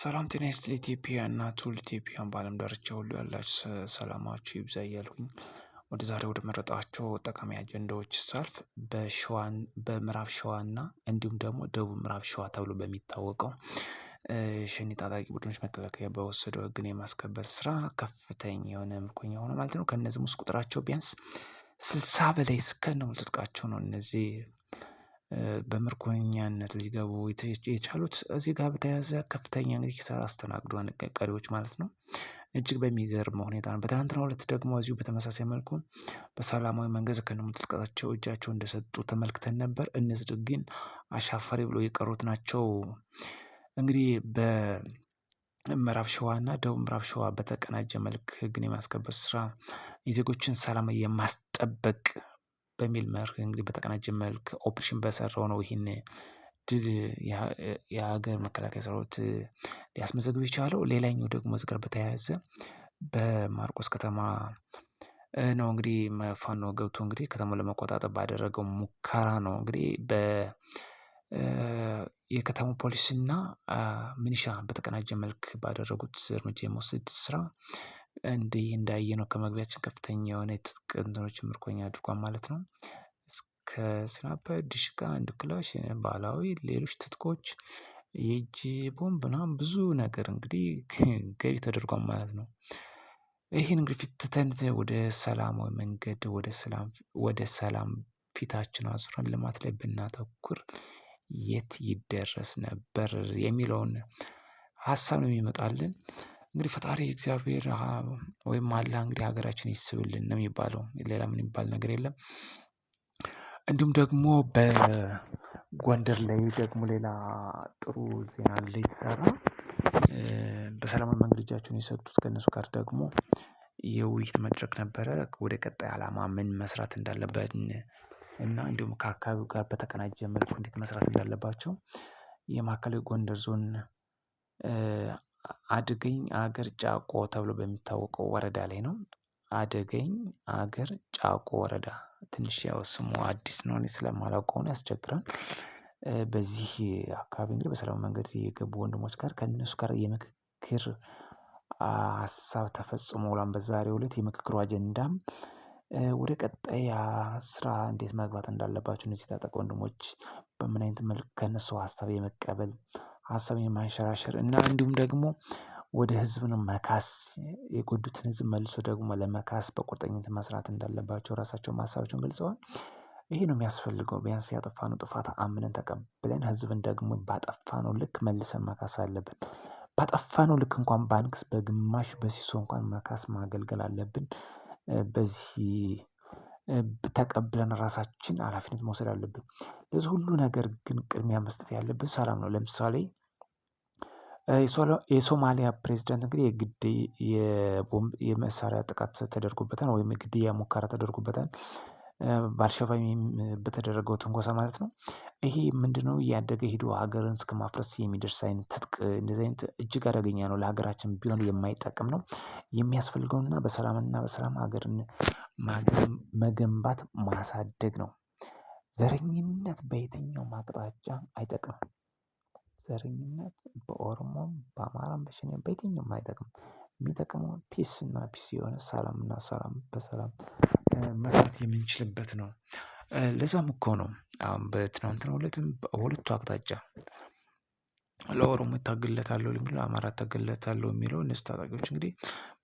ሰላም ጤና ኢትዮጵያ እና ቱል ኢትዮጵያን በዓለም ዳርቻ ሁሉ ያላችሁ ሰላማችሁ ይብዛ እያልኩኝ ወደ ዛሬ ወደ መረጣቸው ጠቃሚ አጀንዳዎች ሳልፍ በሸዋን በምዕራብ ሸዋና እንዲሁም ደግሞ ደቡብ ምዕራብ ሸዋ ተብሎ በሚታወቀው ሸኒ ታጣቂ ቡድኖች መከላከያ በወሰደው ሕግን የማስከበር ስራ ከፍተኛ የሆነ ምርኮኛ ሆነ ማለት ነው። ከእነዚህም ውስጥ ቁጥራቸው ቢያንስ ስልሳ በላይ እስከ ሙሉ ትጥቃቸው ነው እነዚህ በምርኮኛነት ሊገቡ የቻሉት እዚህ ጋር በተያያዘ ከፍተኛ እንግዲህ ኪሳራ አስተናግዷል ቀሪዎች ማለት ነው። እጅግ በሚገርም ሁኔታ ነው። በትናንትናው ዕለት ደግሞ እዚሁ በተመሳሳይ መልኩ በሰላማዊ መንገድ ከነምጥቃቸው እጃቸው እንደሰጡ ተመልክተን ነበር። እነዚህ ድግን አሻፈሪ ብሎ የቀሩት ናቸው። እንግዲህ በ ሸዋ ሸዋና ደቡብ ምዕራብ ሸዋ በተቀናጀ መልክ ህግን የማስከበር ስራ የዜጎችን ሰላም የማስጠበቅ በሚል መርህ እንግዲህ በተቀናጀ መልክ ኦፕሬሽን በሰራው ነው ይህን ድል የሀገር መከላከያ ሰራዊት ሊያስመዘግብ የቻለው። ሌላኛው ደግሞ እዚህ ጋር በተያያዘ በማርቆስ ከተማ ነው እንግዲህ መፋኖ ገብቶ እንግዲህ ከተማውን ለመቆጣጠር ባደረገው ሙከራ ነው እንግዲህ በ የከተማው ፖሊስና ሚኒሻ በተቀናጀ መልክ ባደረጉት እርምጃ የመውሰድ ስራ እንዲህ እንዳየ ነው ከመግቢያችን ከፍተኛ የሆነ የትጥቅ እንትኖችን ምርኮኛ አድርጓል ማለት ነው። ከስናፐር፣ ድሽቃ፣ አንድ ክላሽ፣ ባህላዊ ሌሎች ትጥቆች የእጅ ቦምብ ምናምን ብዙ ነገር እንግዲህ ገቢ ተደርጓል ማለት ነው። ይህን እንግዲህ ፊት ትተን ወደ ሰላማዊ መንገድ ወደ ሰላም ፊታችን አዙረን ልማት ላይ ብናተኩር የት ይደረስ ነበር የሚለውን ሀሳብ ነው የሚመጣልን። እንግዲህ ፈጣሪ እግዚአብሔር ወይም አላህ እንግዲህ ሀገራችን ይስብልን ነው የሚባለው። ሌላ ምን የሚባል ነገር የለም። እንዲሁም ደግሞ በጎንደር ላይ ደግሞ ሌላ ጥሩ ዜና አለ የተሰራ በሰላማዊ መንገድ እጃቸውን የሰጡት ከእነሱ ጋር ደግሞ የውይይት መድረክ ነበረ። ወደ ቀጣይ ዓላማ ምን መስራት እንዳለብን እና እንዲሁም ከአካባቢው ጋር በተቀናጀ መልኩ እንዴት መስራት እንዳለባቸው የማዕከላዊ ጎንደር ዞን አድገኝ አገር ጫቆ ተብሎ በሚታወቀው ወረዳ ላይ ነው። አደገኝ አገር ጫቆ ወረዳ ትንሽ ያው ስሙ አዲስ ነው እኔ ስለማላውቀው ነው ያስቸግራል። በዚህ አካባቢ እንግዲህ በሰላም መንገድ የገቡ ወንድሞች ጋር ከእነሱ ጋር የምክክር ሀሳብ ተፈጽሞ ውሏል። በዛሬው እለት የምክክሩ አጀንዳም ወደ ቀጣይ ስራ እንዴት መግባት እንዳለባቸው እነዚህ ታጠቅ ወንድሞች በምን አይነት መልክ ከእነሱ ሀሳብ የመቀበል ሀሳብ የማንሸራሸር እና እንዲሁም ደግሞ ወደ ህዝብን መካስ የጎዱትን ህዝብ መልሶ ደግሞ ለመካስ በቁርጠኝነት መስራት እንዳለባቸው ራሳቸውን ሀሳባቸውን ገልጸዋል። ይሄ ነው የሚያስፈልገው ቢያንስ ያጠፋነው ጥፋት አምነን ተቀብለን ህዝብን ደግሞ ባጠፋነው ልክ መልሰን መካስ አለብን። ባጠፋነው ልክ እንኳን ባንክስ በግማሽ በሲሶ እንኳን መካስ ማገልገል አለብን። በዚህ ተቀብለን ራሳችን ሀላፊነት መውሰድ አለብን። ለዚህ ሁሉ ነገር ግን ቅድሚያ መስጠት ያለብን ሰላም ነው። ለምሳሌ የሶማሊያ ፕሬዝዳንት እንግዲህ የግድ የቦምብ የመሳሪያ ጥቃት ተደርጎበታል ወይም የግድያ ሙከራ ተደርጎበታል በአልሸባ በተደረገው ትንኮሳ ማለት ነው። ይሄ ምንድነው ያደገ ሂዶ ሀገርን እስከ ማፍረስ የሚደርስ አይነት ትጥቅ እንደዚህ አይነት እጅግ አደገኛ ነው። ለሀገራችን ቢሆን የማይጠቅም ነው። የሚያስፈልገውና በሰላምና በሰላም ሀገርን መገንባት ማሳደግ ነው። ዘረኝነት በየትኛው ማቅጣጫ አይጠቅምም። ዘረኝነት በኦሮሞም በአማራም በሸኔም በየትኛውም አይጠቅምም። የሚጠቅመው ፒስ እና ፒስ የሆነ ሰላም እና ሰላም በሰላም መስራት የምንችልበት ነው። ለዛም እኮ ነው አሁን በትናንትናው እለትም በሁለቱ አቅጣጫ ለኦሮሞ ይታገለታለሁ የሚለው አማራ ይታገለታለሁ የሚለው እነሱ ታጣቂዎች እንግዲህ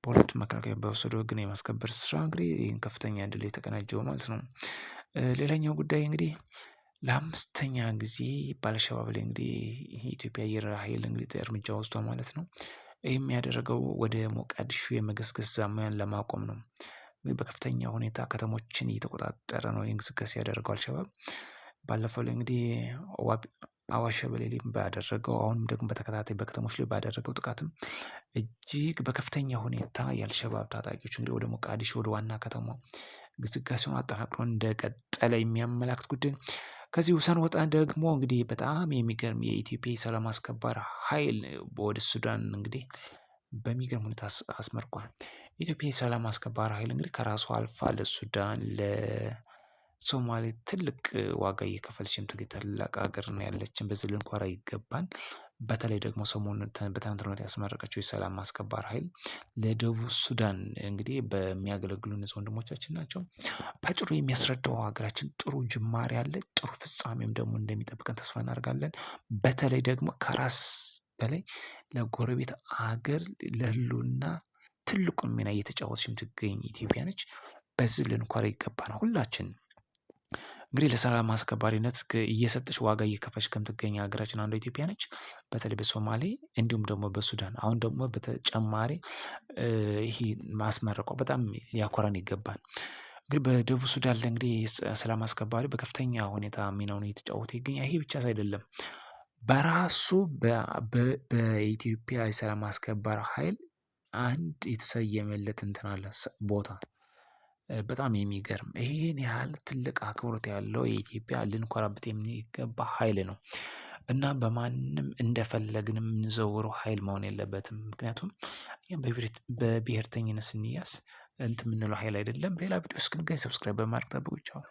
በሁለቱ መከላከያ በወሰዱ ህግን የማስከበር ስራ እንግዲህ ይህን ከፍተኛ ድል የተቀናጀው ማለት ነው። ሌላኛው ጉዳይ እንግዲህ ለአምስተኛ ጊዜ ባለሸባብ ላይ እንግዲህ ኢትዮጵያ አየር ሀይል እንግዲህ እርምጃ ወስዷል ማለት ነው። ይህም ያደረገው ወደ ሞቃዲሾ የመገስገስ ዛቻን ለማቆም ነው። በከፍተኛ ሁኔታ ከተሞችን እየተቆጣጠረ ነው እንቅስቃሴ ያደረገው አልሸባብ። ባለፈው ላይ እንግዲህ አዋሽ ሸበሌ ባደረገው አሁንም ደግሞ በተከታታይ በከተሞች ላይ ባደረገው ጥቃትም እጅግ በከፍተኛ ሁኔታ የአልሸባብ ታጣቂዎች እንግዲህ ወደ ሞቃዲሾ ወደ ዋና ከተማ እንቅስቃሴውን አጠናቅሮ እንደቀጠለ የሚያመላክት ጉዳይ። ከዚህ ውሳን ወጣ ደግሞ እንግዲህ በጣም የሚገርም የኢትዮጵያ የሰላም አስከባሪ ኃይል ወደ ሱዳን እንግዲህ በሚገርም ሁኔታ አስመርቋል። የኢትዮጵያ የሰላም አስከባሪ ኃይል እንግዲህ ከራሱ አልፋ ለሱዳን ለሶማሌ ትልቅ ዋጋ እየከፈልችም ትግ ታላቅ ሀገር ነው ያለችን። በዚህ ልንኮራ ይገባል። በተለይ ደግሞ ሰሞኑን በትናንትናው ያስመረቀችው የሰላም ማስከባር ኃይል ለደቡብ ሱዳን እንግዲህ በሚያገለግሉ እነዚህ ወንድሞቻችን ናቸው። በጭሩ የሚያስረዳው ሀገራችን ጥሩ ጅማሬ አለ፣ ጥሩ ፍጻሜም ደግሞ እንደሚጠብቀን ተስፋ እናደርጋለን። በተለይ ደግሞ ከራስ በላይ ለጎረቤት አገር ለህሉና ትልቁ ሚና እየተጫወተች የምትገኝ ኢትዮጵያ ነች። በዚህ ልንኮራ ይገባናል ሁላችን። እንግዲህ ለሰላም አስከባሪነት እየሰጠች ዋጋ እየከፈች ከምትገኝ ሀገራችን አንዷ ኢትዮጵያ ነች። በተለይ በሶማሌ እንዲሁም ደግሞ በሱዳን አሁን ደግሞ በተጨማሪ ይሄ ማስመረቋ በጣም ሊያኮራን ይገባል። እንግዲህ በደቡብ ሱዳን እንግዲህ ሰላም አስከባሪ በከፍተኛ ሁኔታ ሚናውን እየተጫወተ ይገኛል። ይሄ ብቻ አይደለም በራሱ በኢትዮጵያ የሰላም አስከባሪ ኃይል አንድ የተሰየመለት እንትን አለ ቦታ። በጣም የሚገርም ይሄን ያህል ትልቅ አክብሮት ያለው የኢትዮጵያ ልንኮራበት የሚገባ ኃይል ነው እና በማንም እንደፈለግን የምንዘውረው ኃይል መሆን የለበትም። ምክንያቱም በብሔርተኝነት ስንያዝ እንትን የምንለው ኃይል አይደለም። በሌላ ቪዲዮ ግን ሰብስክራይብ በማድረግ ጠብቁ። ቻው